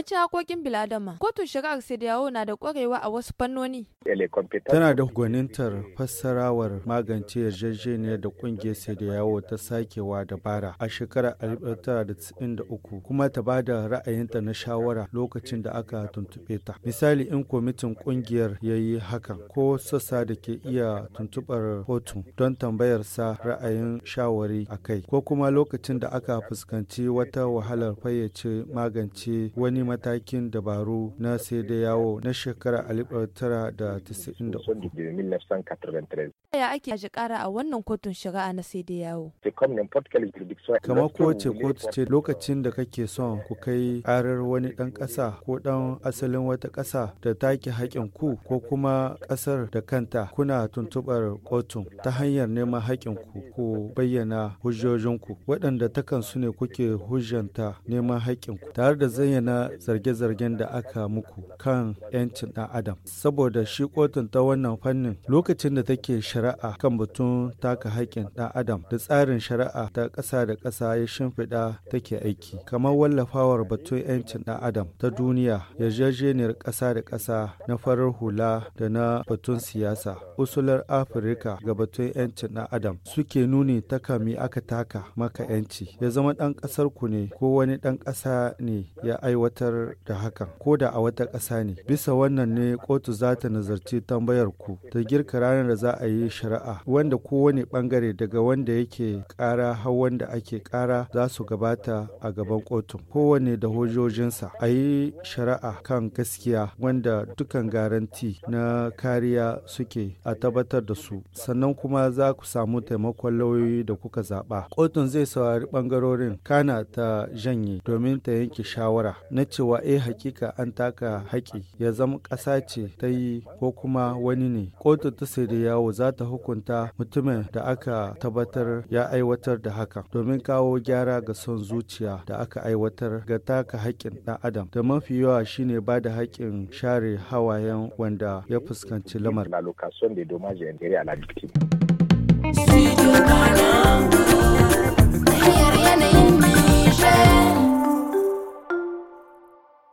Baccin hakokin biladama, kotun shari'ar Sidiyawo na da kwarewa a wasu fannoni. Tana da gwanintar fassarawar magance yarjejeniyar da kungiyar Sidiyawo ta sakewa da bara a shekarar 1993 kuma ta ba da ra'ayinta na shawara lokacin da aka tuntuɓe ta. Misali in kwamitin kungiyar ya yi hakan ko sassa da ke iya tuntuɓar kotu don tambayarsa ra'ayin shawari a kai ko kuma lokacin da aka fuskanci wata wahalar fayyace magance wani matakin dabaru na sai da yawo na shekarar 1993. Ya ake aji kara a wannan kotun shari'a na sai da yawo? Kama kowace kotu ce lokacin da kake son ku kai arar wani ɗan ƙasa ko ɗan asalin wata ƙasa da take haƙƙin ku ko kuma ƙasar da kanta kuna tuntuɓar kotun ta hanyar neman haƙƙin ku ko bayyana hujjojinku waɗanda takan su ne kuke hujjanta neman haƙƙin ku tare da zayyana zarge-zargen da aka muku kan 'yancin ɗan adam saboda shi kotun ta wannan fannin lokacin da take shari'a kan batun taka haƙƙin ɗan adam da tsarin shari'a ta ƙasa da ƙasa ya shimfiɗa take aiki kamar wallafawar batun 'yancin ɗan adam ta duniya yarjejeniyar ƙasa da ƙasa na farar hula da na batun siyasa usular afirka ga batun 'yancin ɗan adam suke nuni ta kami aka taka maka 'yanci ya zama ɗan ƙasar ku ne ko wani ɗan ƙasa ne ya aiwata tabbatar da hakan ko da a wata ƙasa ne bisa wannan ne kotu za ta nazarci tambayar ku ta girka ranar da za a yi shari'a wanda kowane bangare daga wanda yake ƙara har wanda ake kara za su gabata a gaban kotun kowane da hujojinsa a yi shari'a kan gaskiya wanda dukan garanti na kariya suke a tabbatar da su sannan kuma za ku samu taimakon lauyoyi da kuka zaɓa kotun zai saurari bangarorin kana ta janye domin ta yanke shawara na cewa eh hakika an taka haƙi ya zama ƙasa ce ta yi ko kuma wani ne kotu ta sai da yawo za ta hukunta mutumin da aka tabbatar ya aiwatar da haka domin kawo gyara ga son zuciya da aka aiwatar ga taka haƙƙin ɗan adam da mafi yawa shine ba da haƙƙin share hawayen wanda ya fuskanci lamar.